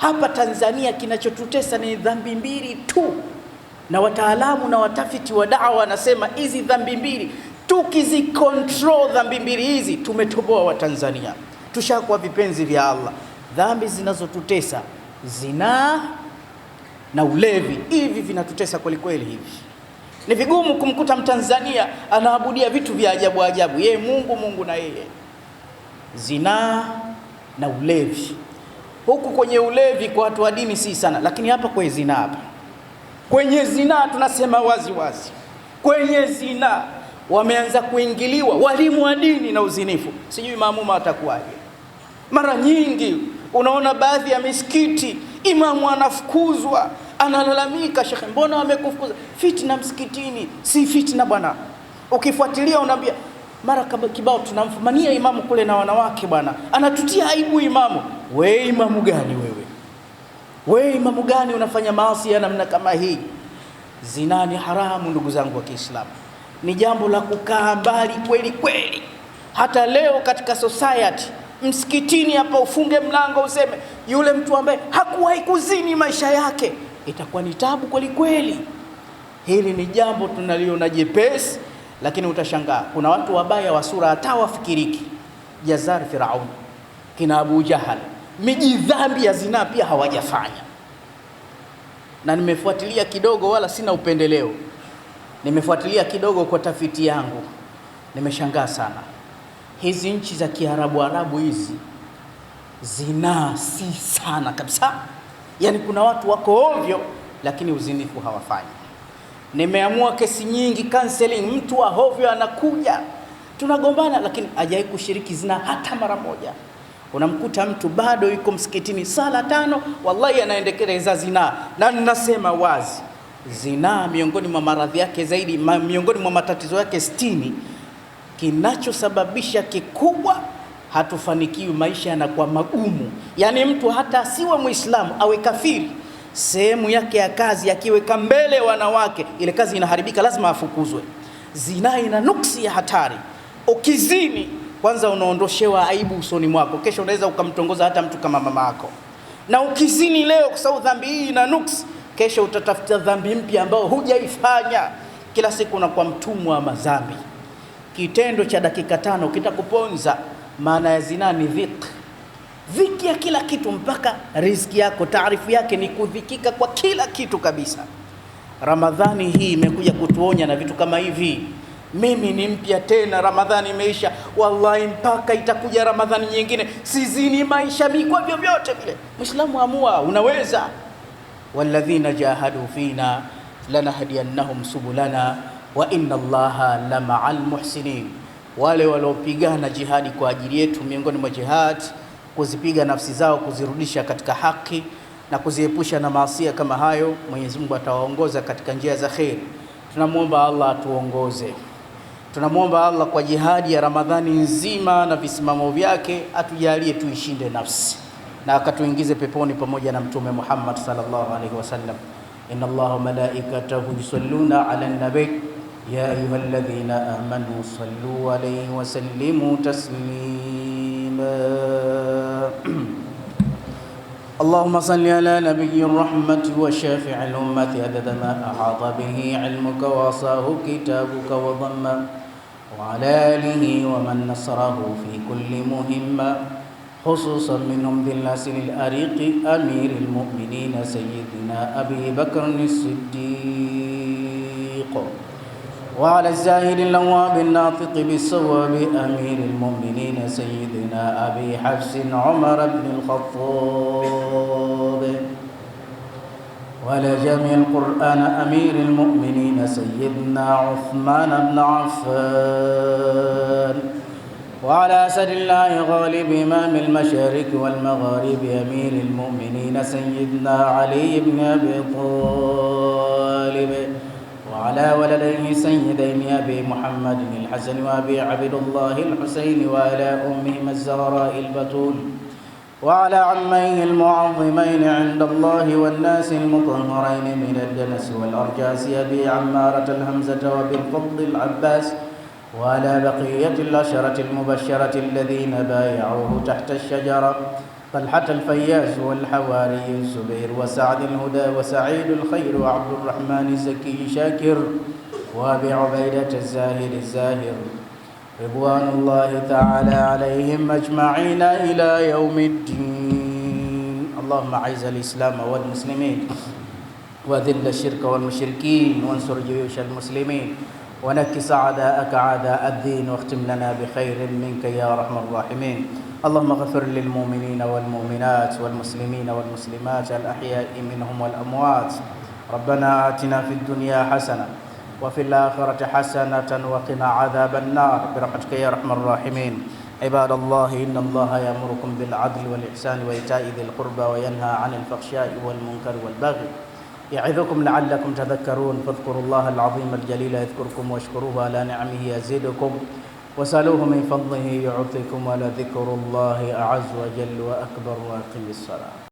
Hapa Tanzania kinachotutesa ni dhambi mbili tu, na wataalamu na watafiti wa dawa wanasema hizi dhambi mbili, tukizikontrol dhambi mbili hizi tumetoboa Watanzania, tushakuwa vipenzi vya Allah. Dhambi zinazotutesa zinaa na ulevi, hivi vinatutesa kwelikweli. Hivi ni vigumu kumkuta Mtanzania anaabudia vitu vya ajabu ajabu, yeye Mungu Mungu na yeye. Zinaa na ulevi huku kwenye ulevi kwa watu wa dini si sana, lakini hapa kwa zina, hapa kwenye zina tunasema wazi wazi, kwenye zina wameanza kuingiliwa walimu wa dini na uzinifu. Sijui maamuma watakuwaje? Mara nyingi unaona baadhi ya misikiti imamu anafukuzwa, analalamika, shekhe, mbona wamekufukuza? Fitna msikitini si fitna bwana, ukifuatilia unaambia mara kibao tunamfumania imamu kule na wanawake bwana, anatutia aibu imamu. We imamu gani wewe? We imamu gani unafanya maasi ya namna kama hii? Zina ni haramu, ndugu zangu wa Kiislamu, ni jambo la kukaa mbali kweli kweli. Hata leo katika society, msikitini hapa, ufunge mlango useme yule mtu ambaye hakuwahi kuzini maisha yake, itakuwa ni tabu kweli kweli. Hili ni jambo tunaliona jepesi lakini utashangaa kuna watu wabaya wa sura hata wafikiriki, jazar Firaun, kina Abu Jahal, miji dhambi ya zinaa pia hawajafanya. Na nimefuatilia kidogo, wala sina upendeleo, nimefuatilia kidogo kwa tafiti yangu, nimeshangaa sana. Hizi nchi za Kiarabu Arabu hizi zinaa si sana kabisa, yaani kuna watu wako ovyo, lakini uzinifu hawafanyi. Nimeamua kesi nyingi counseling, mtu wa hovyo anakuja tunagombana, lakini hajawahi kushiriki zina hata mara moja. Unamkuta mtu bado yuko msikitini sala tano, wallahi anaendekeleza zinaa. Na ninasema wazi, zinaa miongoni mwa maradhi yake zaidi, miongoni mwa matatizo yake sitini, kinachosababisha kikubwa hatufanikiwi, maisha yanakuwa magumu. Yaani mtu hata asiwe Muislamu awe kafiri sehemu yake ya kazi akiweka mbele wanawake, ile kazi inaharibika, lazima afukuzwe. Zinaa ina nuksi ya hatari. Ukizini kwanza, unaondoshewa aibu usoni mwako, kesho unaweza ukamtongoza hata mtu kama mama yako. Na ukizini leo, kwa sababu dhambi hii ina nuksi, kesho utatafuta dhambi mpya ambayo hujaifanya. Kila siku unakuwa mtumwa wa madhambi. Kitendo cha dakika tano kitakuponza. Maana ya zinaa ni dhiki dhiki ya kila kitu, mpaka riziki yako. Taarifu yake ni kudhikika kwa kila kitu kabisa. Ramadhani hii imekuja kutuonya na vitu kama hivi. Mimi ni mpya tena, Ramadhani imeisha. Wallahi, mpaka itakuja Ramadhani nyingine, sizini maisha mi kwa vyovyote vile. Mwislamu amua, unaweza. walladhina jahadu fina lanahdiannahum subulana wa inna allaha la ma'al muhsinin, wale waliopigana jihadi kwa ajili yetu miongoni mwa jihad kuzipiga nafsi zao kuzirudisha katika haki na kuziepusha na maasia kama hayo. Mwenyezi Mungu atawaongoza katika njia za kheri. Tunamwomba Allah atuongoze, tunamwomba Allah kwa jihadi ya Ramadhani nzima na visimamo vyake atujalie tuishinde nafsi na akatuingize peponi pamoja na Mtume Muhammad sallallahu alaihi wasallam. Inna Allaha malaikatahu yusalluna ala nabi ya ayyuhalladhina amanu sallu alaihi wa sallimu taslima اللهم صل على نبي الرحمة وشافع الأمة عدد ما أحاط به علمك وأصاه كتابك وضمه وعلى آله ومن نصره في كل مهمة خصوصا منهم بالناصر الأريق أمير المؤمنين سيدنا أبي بكر الصديق وعلى الزاهد اللواب الناطق بالصواب أمير المؤمنين سيدنا أبي حفص عمر بن الخطاب وعلى جميع القرآن أمير المؤمنين سيدنا عثمان بن عفان وعلى أسد الله غالب إمام المشارق والمغارب أمير المؤمنين سيدنا علي بن أبي طالب أبي محمد الحسن وأبي عبد الله الحسين وعلى أمهما الزهراء البتول وعلى عميه المعظمين عند الله والناس المطهرين من الدنس والأرجاس أبي عمارة الهمزة وبالفضل العباس وعلى بقية الأشرة المبشرة الذين بايعوه تحت الشجرة طلحة الفياس والحواري الزبير وسعد الهدى وسعيد الخير وعبد الرحمن الزكي شاكر وأبي عبيدة الزاهر الزاهر رضوان الله تعالى عليهم أجمعين إلى يوم الدين اللهم أعز الإسلام والمسلمين وذل الشرك والمشركين وانصر جيوش المسلمين ونكس أعداءك أعداء الدين واختم لنا بخير منك يا أرحم الراحمين اللهم اغفر للمؤمنين والمؤمنات والمسلمين والمسلمات الأحياء منهم والأموات ربنا آتنا في الدنيا حسنة وفي الآخرة حسنة وقنا عذاب النار برحمتك يا أرحم الراحمين عباد الله إن الله يأمركم بالعدل والإحسان وإيتاء ذي القربى وينهى عن الفحشاء والمنكر والبغي يعظكم لعلكم تذكرون فاذكروا الله العظيم الجليل يذكركم واشكروه على نعمه يزيدكم وسألوه من فضله يعطيكم ولذكر الله أعز وجل وأكبر وأقم الصلاة